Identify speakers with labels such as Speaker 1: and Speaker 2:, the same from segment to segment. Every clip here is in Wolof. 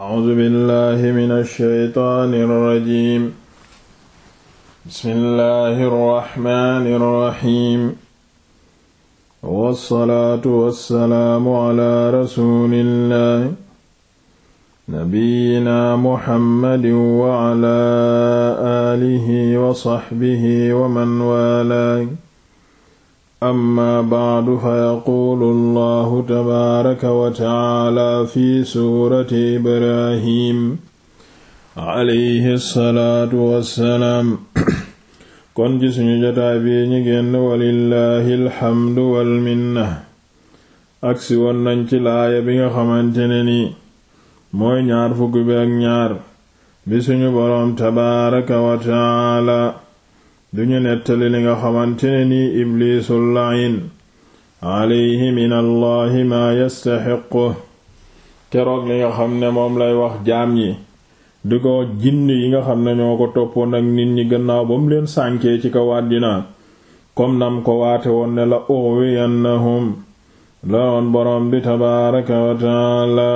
Speaker 1: A'uuzu billaahi mina shaytaani rajiim. Bismillaahi rahmaani rahiim. Wassalaatu wassalaamu alaa rasuulillaahi. Nabiyyinaa Muhammadin wa alaa aalihi wa sahbihi wa man waalaahu. amma bacdu fayaquulu allahu tabaaraka wa fi suurati ibrahim alayhi salaatu suñu jotaay bi ñi génn walillahi walminna agsi woon nañ ci laaya bi nga xamante ne ni mooy ñaar fukki bi ak ñaar bi suñu boroom tabaaraka wa duñu nettali li nga xamante ni nii ibliisul layin alayhi min allahi keroog li nga xam ne moom lay wax jaam yi di ko jinne yi nga xam ne ñoo ko toppoon ak nit ñi gannaaw ba mu leen sànkee ci kaw àddina comme nam ko waate woon ne la uwiyannahum la woon boroom bi tabaaraka wa taala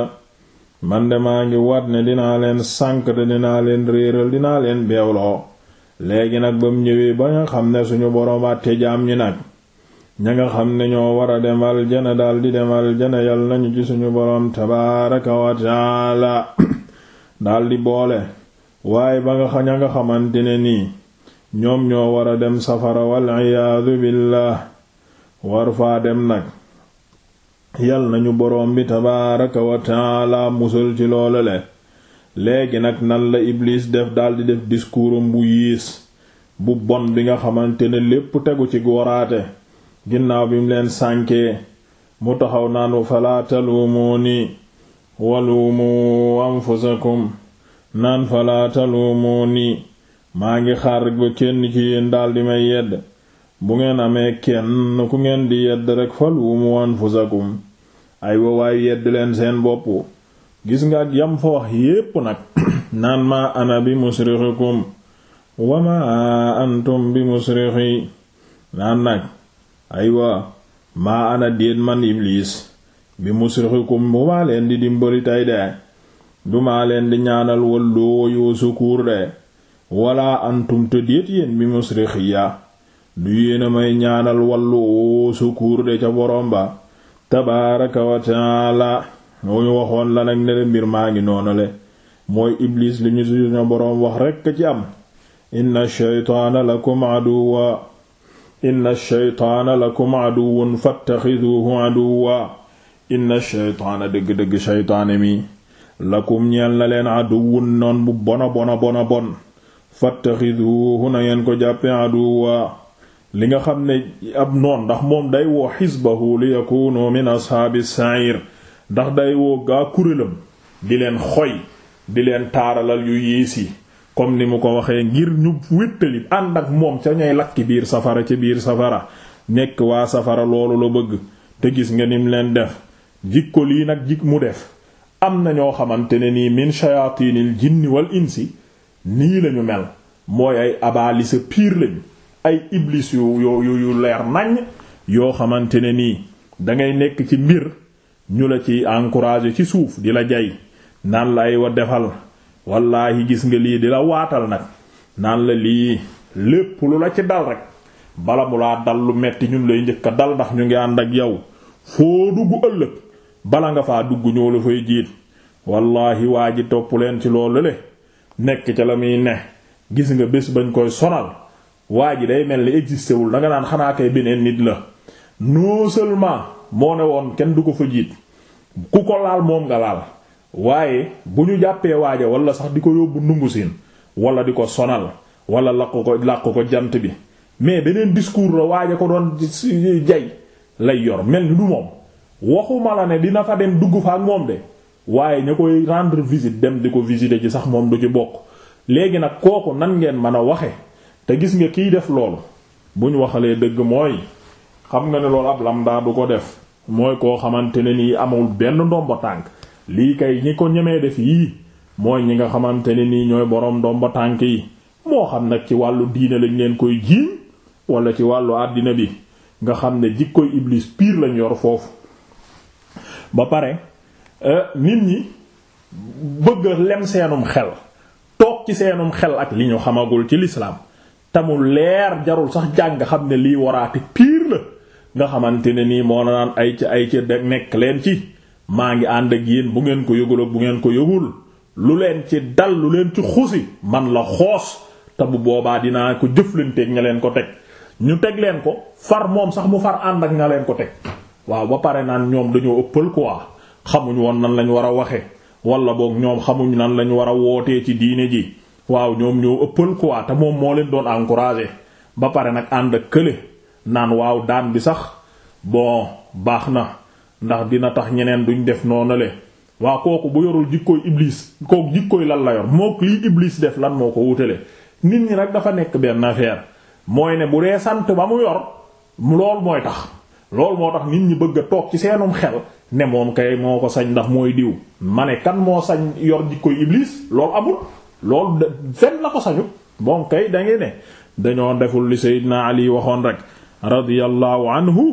Speaker 1: man de maa ngi wat ne dinaa leen sànk te dinaa leen réeral dinaa leen beewloo léegi nag ba mu ñëwee ba nga xam ne suñu boroom àtte jaam ñi nag ña nga xam ne ñoo war a dem aljana daal di dem aljana yal nañu ci suñu boroom tabaaraka wa taala daldi boole waaye ba nga ña nga xamante ne nii ñoom ñoo war a dem safara wal iyaadu billah war faa dem nag yal nañu boroom bi tabaaraka wa taala musal ci loolu le léegi nag nan la Iblis def daldi def discours am bu yiis bu bon bi nga xamante ne lépp tegu ci goraate ginnaaw bi mu leen sànkee mu taxaw naanu falaa taluumuuni waluumu anfusakum naan falaa taluumuuni maa ngi xaar ba kenn ci yéen daldi may yedd bu ngeen amee kenn ku ngeen di yedd rekk faluumu anfusakum ay wawaay yedd leen seen boppu gis nga ak yam fa wax yépp nag naan ma ana bi musrixikum wa ma antum bi musrixi naan nag aywa maa ana déet man iblis bi musrixikum bu maa leen di dimbali tay de du maa leen di ñaanal walloo yoo sukuur de wala antum te déet yéen bi musrixiya du yéena may ñaanal walloo sukuur de ca borom ba tabaaraka wa taala ñooñu waxoon la nag ne mbir maa ngi noonale mooy iblis li ñu suñu boroom wax ci am inna shaytaana lakum aduwa inna shaytaana lakum aduwun fattaxiduhu aduwa inna shaytaana dëgg-dëgg shaytaane lakum ñeel na leen aduwun noon bu bona bona bona bon fattaxiduhu na ngeen ko jàppe aduwa li nga xam ne ab noon ndax moom day woo xisbahu li yakunu min ashaabi sair ndax day woo gaa kurélam di leen xoy di leen taaralal yu yiis yi comme ni mu ko waxee ngir ñu wéttali ànd ak moom ca ñay lakki biir safara ca biir safara nekk waa safara loolu la bëgg te gis nga nim leen def jikko lii nag jikk mu def am na ñoo xamante ne nii min shayatinil jinni wal insi nii lañu mel mooy ay abaalisa piir lañ ay iblis yu yu yu leer naññ yoo xamante ne nii dangay nekk ci mbir ñu la ci encouragé ci suuf di la jay naan la ay wa defal wallaahi gis nga lii di la waatal nag naan la lii lépp lu la ci dal rek bala mu laa dal lu metti ñun lay njëkk a dal ndax ñu ngi ànd ak yow foo dugg ëllëg bala nga faa dugg ñoo la fay jiit wallaahi waa ji topp leen ci loolu le nekk ca la muy ne gis nga bés bañ koy sonal waa ji day mel ni existé wul danga naan xanaa kay beneen nit la moo ne woon kenn du ko fa jiit ku ko laal moom nga laal waaye bu ñu jàppee waaja wala sax di ko yóbbu ndungu siin wala di ko sonal wala laq ko laq ko jant bi mais beneen discours la waaja ko doon jay lay yor mel ni du moom waxuma la ne dina fa dem dugg fa ak moom de waaye ña koy rendre visite dem di ko visiter ji sax moom du ci bokk léegi nag kooku nan ngeen mën a waxe te gis nga kiy def loolu bu ñu waxalee dëgg mooy xam nga ne loolu ab lam daa du ko def mooy koo xamante ne nii amul benn ndomba tànk lii kay ñi ko ñemee def yii mooy ñi nga xamante ne nii ñooy boroom ndomba tànk yi moo xam nag ci wàllu diine lañ leen koy jiiñ wala ci wàllu àddina bi nga xam ne jikkoy iblis pire lañ yor foofu ba pare euh, nit ñi bëgg lem seenum xel toog ci seenum xel ak li ñu xamagul ci lislaam tamul leer jarul sax jàng xam ne lii waraati pire la nga xamante ne nii moo naan ay ca ay ca nekk leen ci maa ngi ànd ak yéen bu ngeen ko yëgul ak bu ngeen ko yëgul lu leen ci dal lu leen ci xusi man la xoos te bu boobaa dinaa ko jëflanteeg ña leen ko teg ñu teg leen ko far moom sax mu far ànd ak ña leen ko teg waaw ba pare naan ñoom dañoo ëppal quoi xamuñ woon nan lañu war a waxe wala boog ñoom xamuñ nan lañ war a wootee ci diine ji waaw ñoom ñoo ëppal quoi te moom moo leen doon encourager ba pare nag ànd ak kële naan waaw daan bi sax bon baax na ndax dina tax ñeneen duñ def noonale waa kooku bu yorul jikkooy iblis kooku jikkooy lan la yor mook lii iblis def lan moo ko wutale nit ñi nag dafa nekk benn affaire mooy ne bu dee sant ba mu yor lool mooy tax loolu moo tax nit ñi bëgg a toog ci seenum xel ne moom kay moo ko sañ ndax mooy diw ma ne kan moo sañ yor jikkooy iblis loolu amul loolu fenn la ko sañu moom kay da ne dañoo deful li Seydina Ali waxoon rek radiyallahu anhu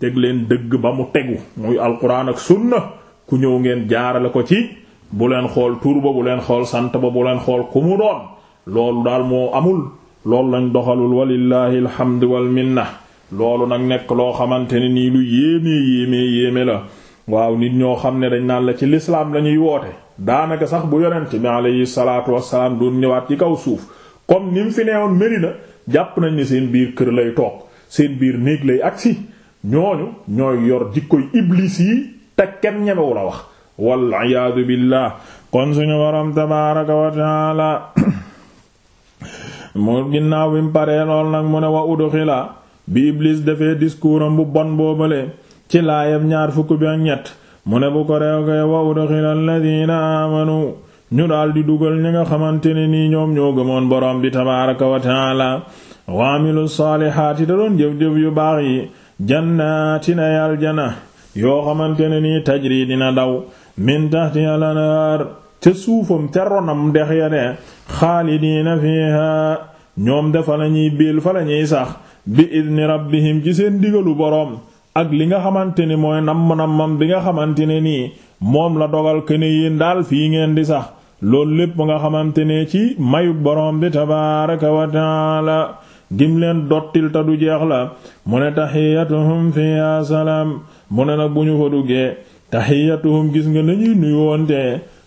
Speaker 1: teg leen dëgg ba mu tegu muy alquran ak sunna ku ñëw ngeen jaarale ko ci bu leen xool tur ba bu leen xool sant ba bu leen xool ku mu doon loolu daal moo amul loolu lañ doxalul walillahi alhamdu wal minna loolu nag nekk loo xamante ne nii lu yéeme yéeme la waaw nit ñoo xam ne dañ naan la ci lislaam lañuy woote daanaka sax bu yonent bi alayhi salaatu wassalaam du ñëwaat ci kaw suuf comme ni mu fi neewoon Medina jàpp nañ ni seen biir kër lay toog seen biir néeg lay agsi ñooñu ñooy yor jikkoy iblis yi te kenn ñemewu la wax wal iyaadu billah kon suñu waram tabaaraka wa taala mu ginnaaw bi mu paree lool nag mu ne wa udxila bi iblis defee discours bu bon boobale ci laayam ñaar fukk bi ak ñett mu ne bu ko reew koy wa udxila alladina amanu ñu daal di dugal ñi nga xamante ne nii ñoom ñoo gëmoon borom bi tabaaraka wa wa amilu saalihaati da doon jëf-jëf yu baax yi jan na ay aljana yoo xamante ne nii tajri dina daw min tahti alanaar ca suufam ca ronam dex ya de xaalidiina fiiha ñoom dafa lañuy biil fa lañuy sax bi idni rabbihim ci seen digalu boroom ak li nga xamante ni mooy namm-nammam bi nga xamante ne nii moom la dogal ke ne daal fii ngeen di sax loolu lépp nga xamante ne ci mayu boroom bi tabaaraka wa gim leen dottil ta du jeex la mu ne taxiyatuhum fiha salaam mu ne nag bu ñu fa duggee taxiyatuhum gis nga nañuy nuyu woonte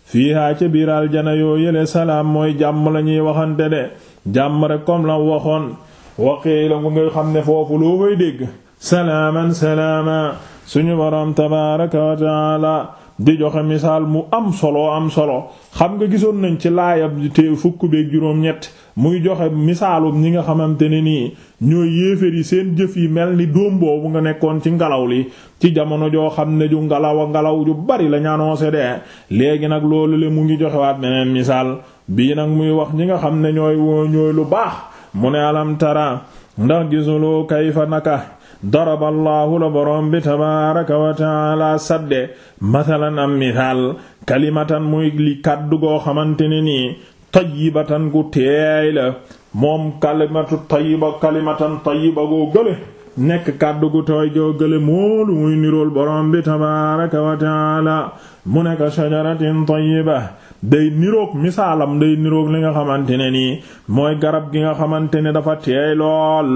Speaker 1: fiihaa ca biir aljana yoo yële salaam mooy jàmm la ñuy waxante de jàmm rek comme la waxoon waqee la ko nga xam ne foofu loo fay dégg salaaman salaama suñu boroom tabaaraka wa taala di joxe misaal mu am solo am solo xam nga gisoon nañ ci laayab te fukk beek juróom ñett muy joxe misaalum ñi nga xamante ni nii ñooy yéeféer yi seen jëf yi mel ni dóom boobu nga nekkoon ci ngelaw li ci jamono joo xam ne ju ngelaw a ngelaw ju bari la ñaanoose de léegi nag loolu le mu ngi joxewaat beneen misaal bii nag muy wax ñi nga xam ne ñooy ñooy lu baax mu ne alam ndax gisuloo kayfa naka daraba allahu la borom bi tabaaraka wa taala sadde mathalan am misaal kalimatan muy li kàddu goo xamante ne nii tayyibatan gu teey la moom kalimatu tayyiba kalimatan tayyiba goo gële nekk kàddu gu tooy goo gële moolu muy nirool borom bi tabaaraka wa taala mu nekk shajaratin tayyiba day niroog misaalam day niroog li nga xamante ne nii mooy garab gi nga xamante ne dafa teey lool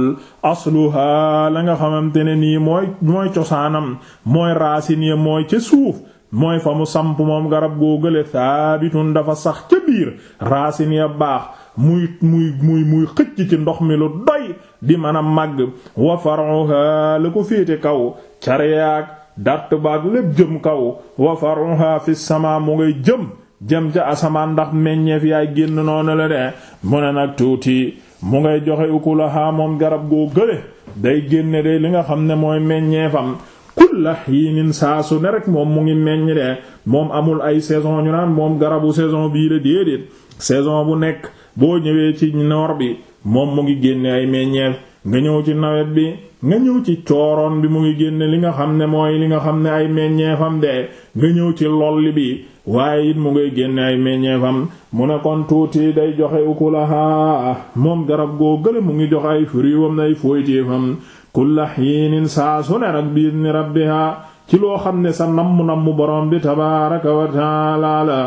Speaker 1: asluha la nga xamante ne nii mooy mooy cosaanam mooy racine ya mooy ca suuf mooy fa mu samp moom garab googale saabitun dafa sax ca biir racine ya baax muy muy muy muy xëcc ci ndox mi lu doy di mën a màgg wa faruha la ko féete kaw cariyaak dart baak lépp jëm kaw wa faruha fi sama mu ngay jëm jëm ca asamaan ndax meññeef yaay génn noonu la de mu ne nag tuuti mu ngay joxe ukulaha moom garab goo gële day génne de li nga xam ne mooy meññeefam kulla xiinin saa su ne rek moom mu ngi meññ de moom amul ay saison ñu naan moom garabu saison bii la déedéet saison bu nekk boo ñëwee ci noor bi moom mu ngi génne ay meññeef nga ñëw ci nawet bi nga ñëw ci cooroon bi mu ngi génne li nga xam ne mooy li nga xam ne ay meññeefam de nga ñëw ci lolli bi waaye it mu ngay génne ay meññeefam mu ne kon tuuti day joxe ukulaha moom garab goo gële mu ngi jox ay furiwam nay fooytéefam kulla hiinin saa su ne rak bi ni rabbiha ci loo xam ne sa namm namm borom bi tabaaraka wa taala la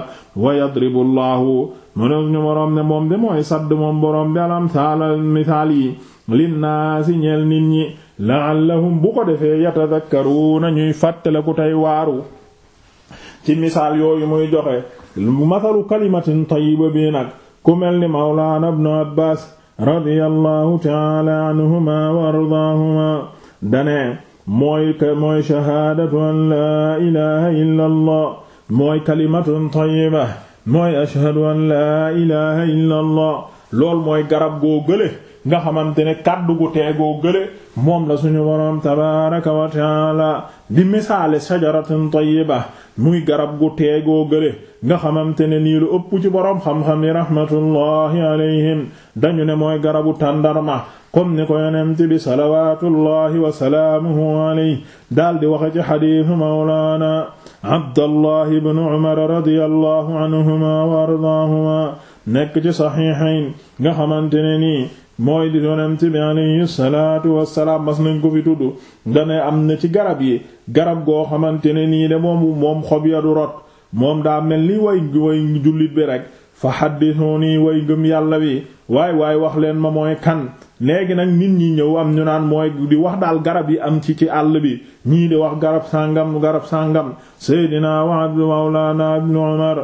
Speaker 1: wa yadribu llahu mu ne ñu borom ne moom de mooy sadd moom borom bi alam misaal yi linnaasi ñeel nit ñi la'allahum bu ko defee yatadakkaruuna ñuy fàttaliku tey waaru ci misaal yooyu muy joxe masalu kalimatin tayyiba bi nag ku mel ni mawlaana ibnu abbaas radiyallahu taala anhuma wa ardaahuma dane mooy mooy shahaadatu an laa ilaha illa allah mooy kalimatun tayyiba mooy ashhadu an laa ilaha illa allah lool mooy garab goo gële nga xamante ne kàddu gu teegoo gële moom la suñu boroom tabaaraka wa taala di misaale sajaratin tayyiba muy garab gu teegoo gële nga xamante ne nii lu ëpp ci boroom xam-xam yi rahmatullahi alayhim dañu ne mooy garabu tàndarma comme ni ko yonent bi salawatullahi wa salaamuhu alayhi daal di waxe ci xadiisu mawlaana abdallahi ibnu umar radiyallahu anhuma wa ardaahuma nekk ci saxiixayn nga xamante ne nii mooy di yonent bi alayhi salaatu wassalaam mas nañ ko fi tudd dane am na ci garab yi garab goo xamante ne nii de moom moom xob ya du rot moom daa mel ni way way jullit bi rek fa haddithuni way gëm yàlla wi waay waay wax leen ma mooy kan léegi nag nit ñi ñëw am ñu naan mooy di wax daal garab yi am ci ci àll bi ñii di wax garab sàngam garab sàngam seydinaa wa abdu mawlaana ibnu umar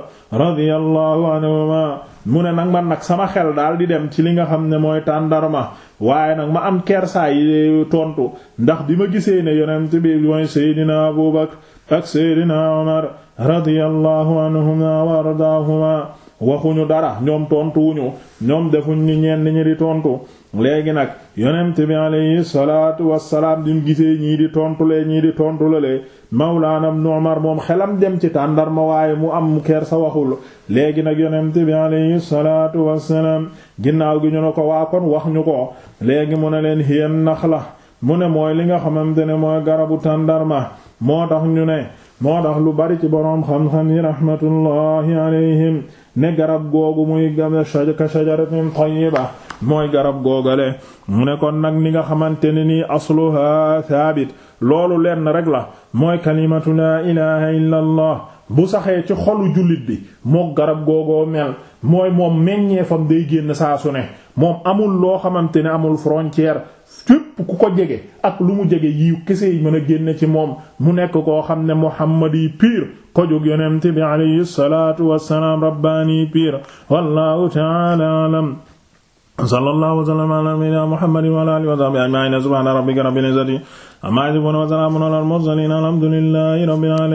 Speaker 1: radiyallahu anhuma mu ne nag man nag sama xel daal di dem ci li nga xam ne mooy tàndarma waaye nag ma am kersaa yi tontu ndax bi ma gisee ne yonent bi mooy seydina Abu Bakr ak seydina Umar radiyallahu anhuma wa waxuñu dara ñoom tontuwuñu ñoom defuñ ni ñenn ñi di tontu léegi nag yonent bi alayhi salaatu wassalaam duñ gisee ñii di tontu tontulee ñii di tontulalee mawlaana ibn Umar moom xelam dem ci tàndarma waaye mu am ker waxul léegi nag yonent bi alayhi salaatu wassalaam ginnaaw gi ñu ne ko waa kon wax ñu ko léegi mu ne leen hiyan la mu ne mooy li nga xamante ne mooy garabu tàndarma moo tax ñu ne moo tax lu bari ci boroom xam-xam yi rahmatullahi alayhim ne garab googu muy gam ka shajaratin ba mooy garab googale mu ne kon nag ni nga xamante ne nii asluha thabit loolu lenn rek la mooy kalimatu laa ilaha illa bu saxee ci xolu jullit bi mook garab googoo mel mooy moom meññeefam day génn saa su ne moom amul loo xamante ne amul frontière képp ku ko jege ak lu mu jege yiw kese yi mën a génne ci moom mu nekk koo xam ne muhammad yi piir ko jóg yonent bi alayhi salaatu wassalaam rabbaani piir wallahu ta'ala alam sallallahu wa sallam ala nabiyyina muhammadin wa ala alihi wa sahbihi ajma'in subhana rabbika rabbil izzati amma yasifun wa salamun ala al mursalin alhamdulillahi rabbil alamin